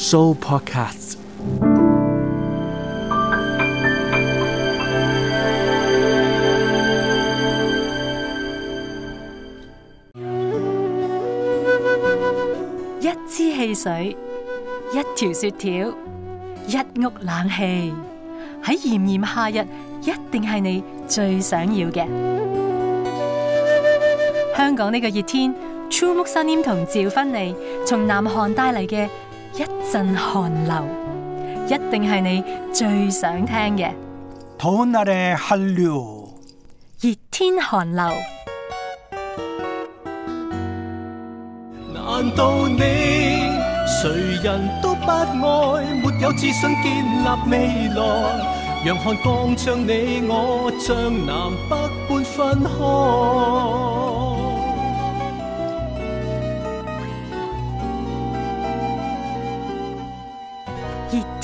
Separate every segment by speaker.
Speaker 1: So podcast。
Speaker 2: 一支汽水，一條雪條，一屋冷氣，喺炎炎夏日，一定係你最想要嘅。香港呢個熱天，True u 同趙芬妮從南韓帶嚟嘅。一陣寒流，一定係你最想聽嘅。
Speaker 1: 凍那啲寒流，
Speaker 2: 熱天寒流。
Speaker 1: 難道你誰人都不愛？沒有自信建立未來，讓寒光將你我像南北般分開。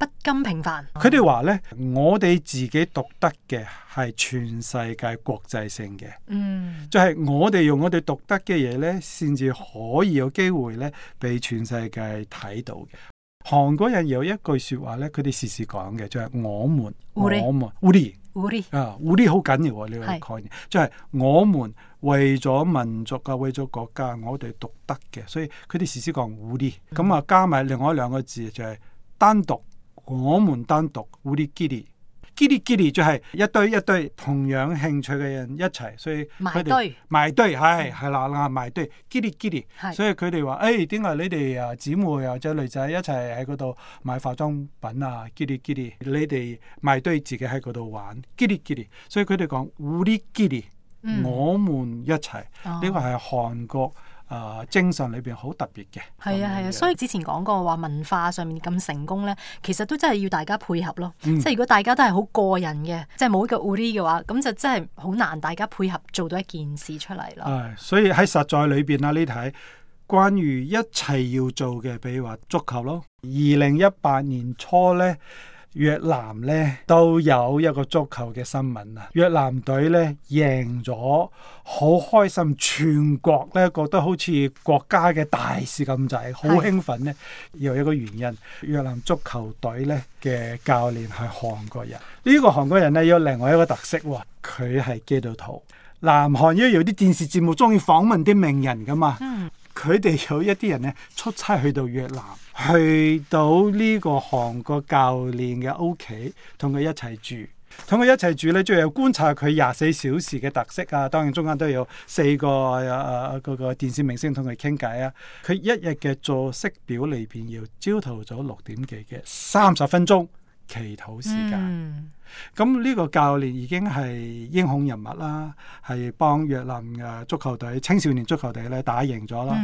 Speaker 2: 不甘平凡，
Speaker 1: 佢哋話咧，我哋自己獨得嘅係全世界國際性嘅，嗯，就係我哋用我哋獨得嘅嘢咧，先至可以有機會咧，被全世界睇到嘅。韓國人有一句說話咧，佢哋時時講嘅就係、是、我們，利我們，烏哩，烏哩利，yeah, 啊，烏哩好緊要呢個概念，就係我們為咗民族啊，為咗國家，我哋獨得嘅，所以佢哋時時講烏哩，咁啊、嗯、加埋另外兩個字就係單獨。我們單獨 uri giri，giri giri 就係一堆一堆同樣興趣嘅人一齊，所以佢哋埋堆對，埋堆，係係啦啦埋堆，giri giri，所以佢哋話：，誒點解你哋啊姊妹或者女仔一齊喺嗰度買化妝品啊，giri giri，你哋埋堆自己喺嗰度玩，giri giri，所以佢哋講，uri giri，我們一齊，呢、哦、個係韓國。誒、呃、精神裏邊好特別嘅，
Speaker 2: 係啊係啊，嗯、所以之前講過話文化上面咁成功呢，其實都真係要大家配合咯。嗯、即係如果大家都係好個人嘅，即係冇一個奧利嘅話，咁就真係好難大家配合做到一件事出嚟咯、
Speaker 1: 哎。所以喺實在裏邊啊，呢題關於一切要做嘅，比如話足球咯。二零一八年初呢。越南咧都有一個足球嘅新聞啊，越南隊咧贏咗，好開心，全國咧覺得好似國家嘅大事咁滯，好興奮咧。又的一個原因，越南足球隊咧嘅教練係韓國人，呢、這個韓國人咧有另外一個特色、哦，佢係基督徒。南韓因為有啲電視節目中意訪問啲名人噶嘛。嗯佢哋有一啲人咧出差去到越南，去到呢個韓國教練嘅屋企，同佢一齊住，同佢一齊住咧，仲要觀察佢廿四小時嘅特色啊！當然中間都有四個啊啊嗰個電視明星同佢傾偈啊！佢一日嘅作息表裏邊要朝頭早六點幾嘅三十分鐘。祈禱時間，咁呢、嗯、個教練已經係英雄人物啦，係幫若林嘅足球隊、青少年足球隊咧打贏咗啦。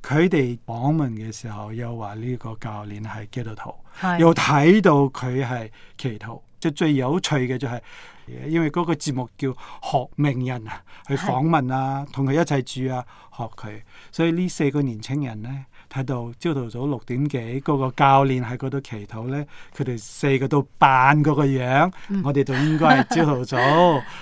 Speaker 1: 佢哋訪問嘅時候又話呢個教練係基督徒，是又睇到佢係祈禱。最最有趣嘅就係、是。因為嗰個節目叫學名人啊，去訪問啊，同佢一齊住啊，學佢。所以呢四個年青人咧，睇到朝頭早六點幾，嗰個教練喺嗰度祈禱咧，佢哋四個都扮嗰個樣，嗯、我哋就應該係朝頭早，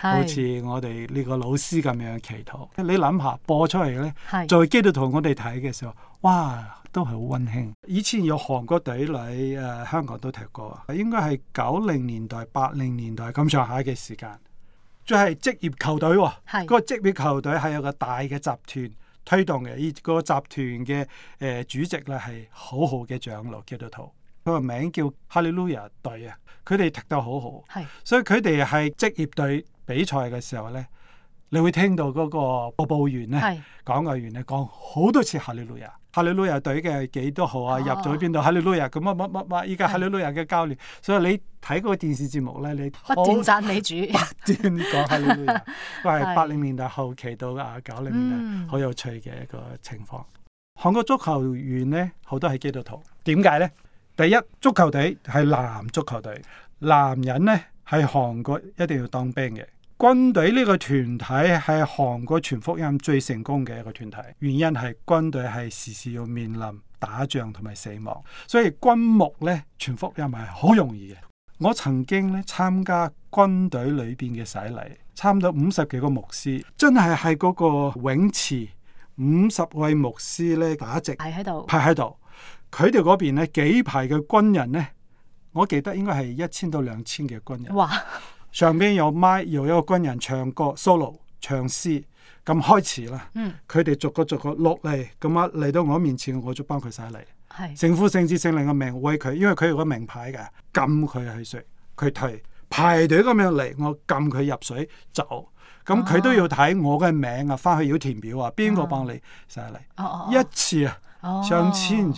Speaker 1: 好似我哋呢個老師咁樣祈禱。 是你諗下播出嚟咧，再基督徒我哋睇嘅時候，哇！都係好溫馨。以前有韓國隊嚟，誒、呃、香港都踢過，應該係九零年代、八零年代咁上下嘅時間。即係職業球隊、哦，係嗰是個職業球隊係有個大嘅集團推動嘅，依個集團嘅誒主席咧係好好嘅長老基督徒叫做陶，佢個名叫哈利路亞隊啊。佢哋踢得好好，係是，所以佢哋係職業隊比賽嘅時候咧，你會聽到嗰個播報員咧講波員咧講好多次哈利路亞。哈利路亞隊嘅幾多號啊？哦、入咗去邊度？哈利路亞咁乜乜乜乜？依家哈利路亞嘅教練，是所以你睇嗰個電視節目咧，你不斷
Speaker 2: 讚美主， 不斷講哈利路亞，都係八零
Speaker 1: 年代後期到啊九零年代好有趣嘅一個情況。韓、嗯、國足球員咧好多係基督徒，點解咧？第一，足球隊係男足球隊，男人咧係韓國一定要當兵嘅。軍隊呢個團體係韓國全福音最成功嘅一個團體，原因係軍隊係時時要面臨打仗同埋死亡，所以軍牧呢全福音係好容易嘅。我曾經咧參加軍隊裏邊嘅洗禮，差唔多五十幾個牧師，真係喺嗰個泳池五十位牧師呢打直排喺度，排喺度。佢哋嗰邊呢幾排嘅軍人呢，我記得應該係一千到兩千嘅軍人。哇上邊有麥，有一個軍人唱歌 Solo 唱詩，咁開始啦。嗯，佢哋逐個逐個落嚟，咁啊嚟到我面前，我就幫佢洗禮。係聖父聖子聖靈嘅名，喂佢，因為佢有個名牌嘅，撳佢去水，佢退排隊咁樣嚟，我撳佢入水走。咁佢都要睇我嘅名啊，返去要填表啊，邊個幫你洗禮？一次啊，
Speaker 2: 上千。哦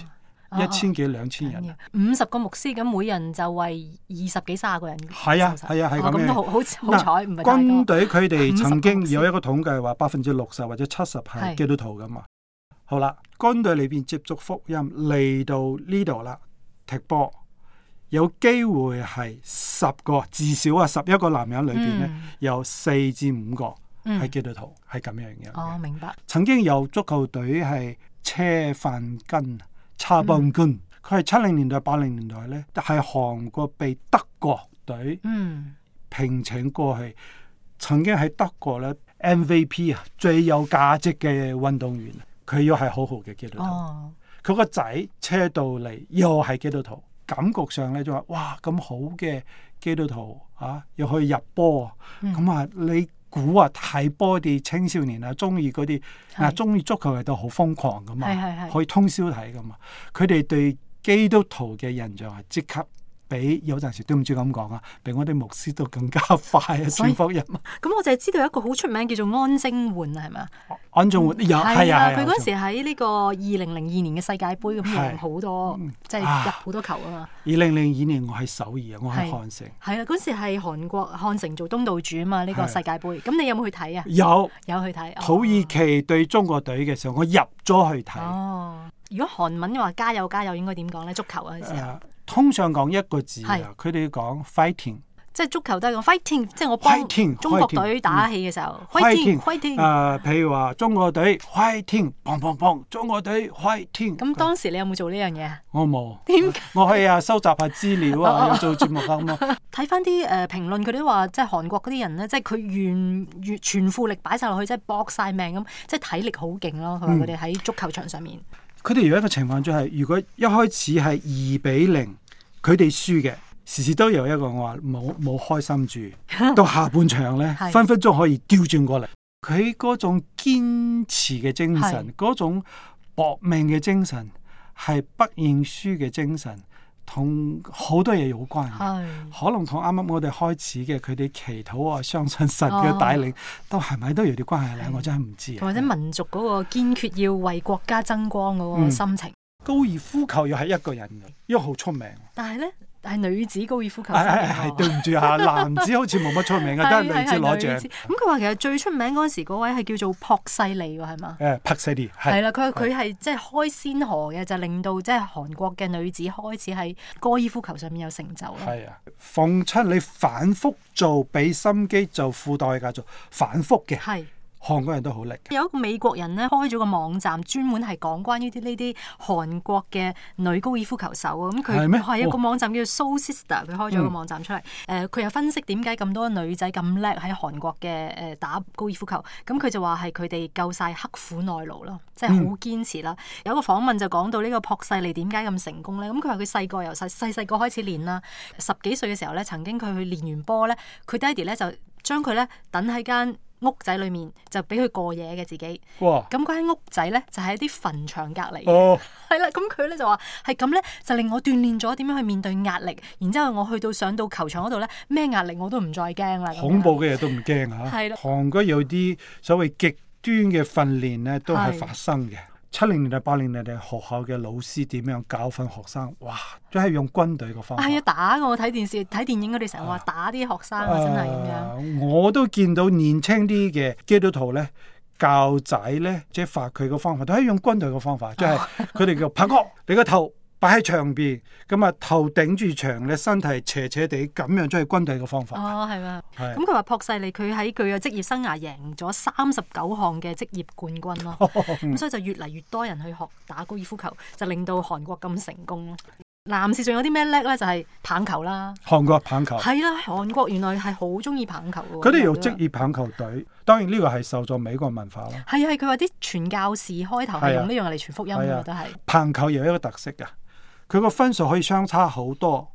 Speaker 2: 一千
Speaker 1: 幾兩千人，
Speaker 2: 五十個牧師，咁每人就為二十幾、三十個人。
Speaker 1: 係啊，係啊，係咁、啊、好好彩，
Speaker 2: 唔係那太多。軍
Speaker 1: 隊佢哋曾經有一個統計，話百分之六十或者七十係基督徒噶嘛。是好啦，軍隊裏邊接觸福音嚟到呢度啦，踢波有機會係十個至少啊十一個男人裏邊咧，嗯、有四至五個係基督徒，係咁、嗯、樣嘅。哦，明
Speaker 2: 白。
Speaker 1: 曾經有足球隊係車飯根。查半軍，佢係七零年代、八零年代咧，係韓國被德國隊聘請過去，嗯、曾經喺德國咧 MVP 最有價值嘅運動員，佢又係好好嘅基督徒。佢、哦、個仔車到嚟又係基督徒，感覺上咧就話：哇，咁好嘅基督徒啊，又可以入波啊！咁、嗯、啊，你。古啊，睇波啲青少年啊，中意嗰啲啊，中意足球睇到好瘋狂噶嘛，是是是可以通宵睇噶嘛，佢哋對基督徒嘅印象係即刻。俾有陣時都唔知咁講啊，比我哋牧師都更加快啊。祝福人。
Speaker 2: 咁我就係知道有一個好出名叫做安貞煥、嗯、啊，係咪啊？
Speaker 1: 安仲煥有係啊！佢嗰時
Speaker 2: 喺呢個二零零二年嘅世界盃咁贏好多，即係、啊、入好多球啊嘛。
Speaker 1: 二零零二年我喺首爾啊，我喺漢城。係
Speaker 2: 啊，嗰時係韓國漢城做東道主啊嘛，呢、這個世界盃。咁、啊、你有冇去睇啊？有有去睇土
Speaker 1: 耳其對中國隊嘅時候，我入咗去睇。
Speaker 2: 哦，如果韓文嘅話加油加油，加油應該點講咧？足球嗰、啊、陣時。
Speaker 1: 通常講一個字啊，佢哋講 fighting，
Speaker 2: 即係足球都係講 fighting，即係我幫中國隊打氣嘅時候，fighting，fighting，
Speaker 1: 譬如話中國隊 fighting，砰砰砰，
Speaker 2: 中國隊 fighting。咁當時你有冇做呢樣嘢？我冇。點？
Speaker 1: 我可以啊，收集下資料啊，做節目。
Speaker 2: 睇翻啲誒評論，佢哋都話即係韓國嗰啲人咧，即係佢願願全副力擺晒落去，即係搏晒命咁，即係體力好勁咯。佢哋喺足球場上面。
Speaker 1: 佢哋而家個情況就係，如果一開始係二比零。佢哋輸嘅，時時都有一個我話冇冇開心住。到下半場咧， 是分分鐘可以調轉過嚟。佢嗰種堅持嘅精神，嗰是種搏命嘅精神，係不認輸嘅精神，同好多嘢有關係。是可能同啱啱我哋開始嘅佢哋祈禱啊，相信神嘅帶領，哦、都係咪都有啲關係咧？是我真係唔知啊。或者
Speaker 2: 民族嗰個堅決要為國家爭光嗰個心情。嗯
Speaker 1: 高爾夫球又係一個人嘅，因為好出名。
Speaker 2: 但係咧，係女子高爾夫球上面。
Speaker 1: 對唔住嚇，男子好似冇乜出名嘅，得女子攞獎。咁
Speaker 2: 佢話其實最出名嗰陣時嗰位係叫做朴世利喎，係嘛？
Speaker 1: 誒，朴世利係啦，
Speaker 2: 佢佢係即係開先河嘅，就令到即係韓國嘅女子開始喺高爾夫球上面有成就咯。係
Speaker 1: 啊，放出你反覆做，俾心機就附代嘅做反覆嘅。係。韓國人都好叻，
Speaker 2: 有一個美國人咧開咗個網站，專門係講關於啲呢啲韓國嘅女高爾夫球手。咁佢係一係有個網站叫 Soul Sister，佢開咗個網站出嚟。誒、嗯，佢、呃、又分析點解咁多女仔咁叻喺韓國嘅誒打高爾夫球。咁、嗯、佢、嗯嗯、就話係佢哋夠晒刻苦耐勞啦，即係好堅持啦。有個訪問就講到呢個朴世莉點解咁成功咧？咁佢話佢細個由細細細個開始練啦，十幾歲嘅時候咧，曾經佢去練完波咧，佢爹哋咧就將佢咧等喺間，屋仔裏面就俾佢過夜嘅自己，咁間哇、嗯那個、屋仔咧就喺啲墳場隔籬，係啦、哦。咁佢咧就話係咁咧，就令我鍛煉咗點樣去面對壓力。然之後我去到上到球場嗰度咧，咩壓力我都唔再驚啦。恐怖
Speaker 1: 嘅嘢都唔驚吓，係啦 的。韓國有啲所謂極端嘅訓練咧，都係發生嘅。七零年代、八零年代，學校嘅老師點樣教訓學生？哇，都係用軍隊嘅方法，係
Speaker 2: 啊、哎，打我睇電視睇電影，佢哋成日話打啲學生啊，真係咁樣。
Speaker 1: 我都見到年青啲嘅基督徒咧，教仔咧，即係罰佢嘅方法都係用軍隊嘅方法，即係佢哋叫拍哥，你個頭。擺喺牆邊，咁啊頭頂住牆咧，身體斜斜地咁樣出去，軍隊嘅方法。哦，係嘛？係、咁佢
Speaker 2: 話朴世利佢喺佢嘅職業生涯贏咗三十九項嘅職業冠軍咯，咁、哦嗯、所以就越嚟越多人去學打高爾夫球，就令到韓國咁成功咯。男士仲有啲咩叻咧？就係、是、棒球啦。
Speaker 1: 韓國棒球係
Speaker 2: 啦，韓、啊、國原來係好中意棒球嘅。佢哋有職
Speaker 1: 業棒球隊，嗯、當然呢個係受咗美國文化啦。
Speaker 2: 係啊，佢話啲傳教士開頭係用呢樣嚟傳福音嘅都係。
Speaker 1: 棒、啊啊、球又有一個特色噶。佢個分數可以相差好多，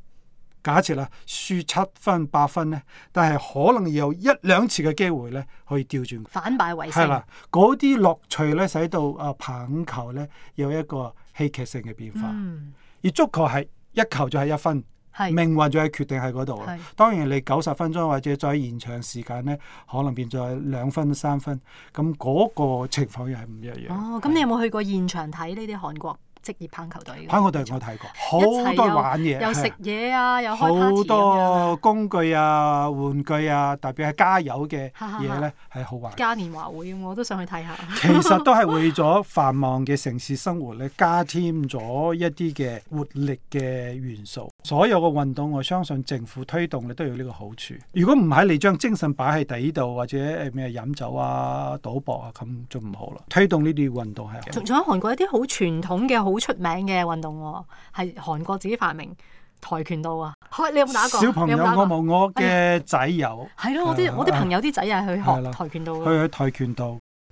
Speaker 1: 假設啦，輸七分八分咧，但係可能有一兩次嘅機會咧，可以調轉，
Speaker 2: 反敗為勝。係啦，
Speaker 1: 嗰啲樂趣咧，使到啊棒球咧有一個戲劇性嘅變化。嗯、而足球係一球就係一分，是命運就係決定喺嗰度。是當然你九十分鐘或者再延長時間咧，可能變咗兩分三分。咁嗰個情況又係唔一樣。
Speaker 2: 哦，咁你有冇去過現場睇呢啲韓國？職業棒
Speaker 1: 球隊嘅，喺我哋我睇過好多玩嘢，有食
Speaker 2: 嘢啊，有好、啊、開多
Speaker 1: 工具啊、玩具啊，啊特別係加油嘅嘢咧係好玩。嘉
Speaker 2: 年華會、啊、我都想去睇下。其實
Speaker 1: 都係為咗繁忙嘅城市生活咧， 加添咗一啲嘅活力嘅元素。所有嘅運動，我相信政府推動你都有呢個好處。如果唔係你將精神擺喺底度，或者誒咩飲酒啊、賭博啊咁就唔好啦。推動呢啲運動係好。
Speaker 2: 仲有韓國有一啲好傳統嘅。好出名嘅運動喎，哦，係韓國自己發明跆拳道啊！啊，你有冇打過？小朋友有？有，我冇，我嘅
Speaker 1: 仔有。係咯，我啲我啲朋友
Speaker 2: 啲仔係去學跆拳道。去、啊、去
Speaker 1: 跆拳道，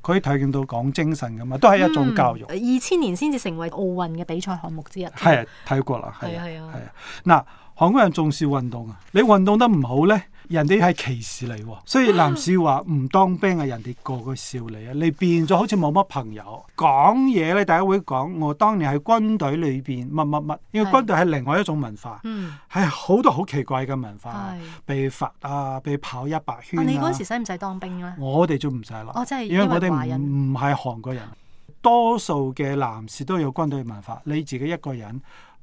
Speaker 1: 佢啲跆拳道講精神咁嘛，都係一種教育。二
Speaker 2: 千、嗯、年先至成為奧運嘅比賽項目之一。係
Speaker 1: 睇、嗯、過啦，係啊係啊。嗱、啊啊啊啊，韓國人重視運動啊！你運動得唔好咧？人哋係歧視你喎，所以男士話唔當兵啊，人哋個個笑你啊，你變咗好似冇乜朋友。講嘢咧，大家會講我當年喺軍隊裏邊乜乜乜，因為軍隊係另外一種文化，係好多、嗯哎、好奇怪嘅文化，的被罰啊，被跑一百圈、啊、你嗰時
Speaker 2: 使唔使當兵咧？我
Speaker 1: 哋就唔使啦，因為，因為我哋唔係韓國人，多數嘅男士都有軍隊文化，你自己一個人。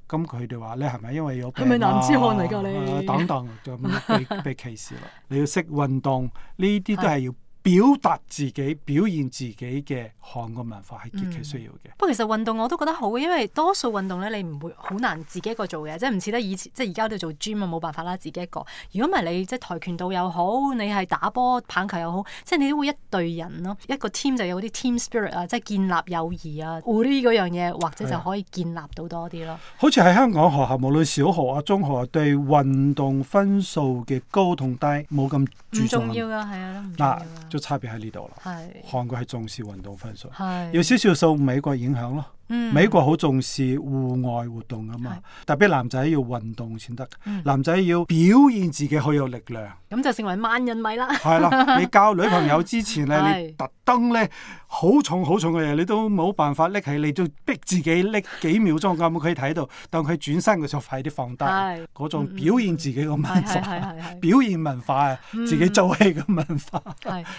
Speaker 1: 咁佢哋話你係咪因為有病啊？係咪男子漢嚟㗎你、啊？等等就咁被 被歧視咯，你要識運動，呢啲都係要。表達自己、表現自己嘅韓國文化係極其需要嘅。不過、
Speaker 2: 嗯、其實運動我都覺得好，因為多數運動咧你唔會好難自己一個做嘅，即係唔似得以前，即係而家都做 gym 啊，冇辦法啦，自己一個。如果唔係你即係跆拳道又好，你係打波、棒球又好，即係你都會一隊人咯，一個 team 就有啲 team spirit 啊，即係建立友誼啊 build 嗰樣嘢，或者就可以建立到多啲咯、啊。
Speaker 1: 好似喺香港學校，無論小學啊、中學啊對運動分數嘅高同低冇咁注重。唔重
Speaker 2: 要㗎，係啊，唔重要
Speaker 1: 啊。那就差別喺呢度啦，是韓國係重視運動分數，是有少少受美國影響咯。美國好重視戶外活動啊嘛，特別男仔要運動先得，男仔要表現自己好有力量，
Speaker 2: 咁就成為萬人迷啦。係啦，你交女朋友之前咧，你特
Speaker 1: 登咧好重好重嘅嘢，你都冇辦法拎起，你都逼自己拎幾秒鐘咁可以睇到，當佢轉身佢就快啲放低，嗰種表現自己嘅文化，表現文化啊，自己做戲嘅文化。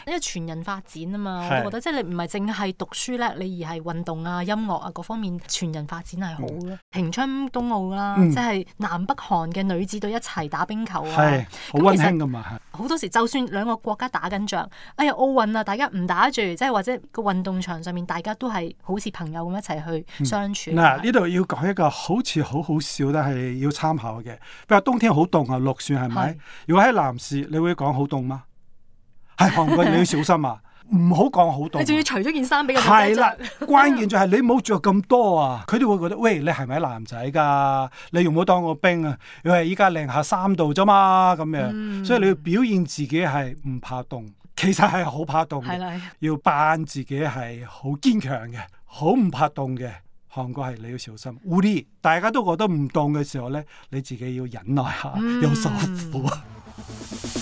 Speaker 2: 因為全人發展啊嘛，我覺得即係你唔係淨係讀書叻你，而係運動啊、音樂啊方面全人發展係好咯，平昌冬奧啦，嗯、即係南北韓嘅女子隊一齊打冰球啊。係好溫馨噶嘛，好實是多時就算兩個國家打緊仗，哎呀奧運啊，大家唔打住，即係或者個運動場上面大家都係好似朋友咁一齊去相處。嗱、嗯，呢
Speaker 1: 度是、嗯、要講一個好似好好笑，但係要參考嘅。譬如冬天好凍啊，落雪係咪？是是是如果喺男士，你會講好凍嗎？係、哎、韓國你要小心啊！ 唔好講好凍，啊、你仲要
Speaker 2: 除咗件衫俾佢着。係啦，
Speaker 1: 關鍵就係你唔好着咁多啊，佢哋 會覺得喂，你係咪男仔噶？啊？你用唔好當我兵啊！因為依家零下三度咋嘛咁樣。嗯、所以你要表現自己係唔怕凍，其實係好怕凍嘅。係的要扮自己係好堅強嘅，好唔怕凍嘅。韓國，係你要小心，注意。大家都覺得唔凍嘅時候呢，你自己要忍耐下，有受苦。舒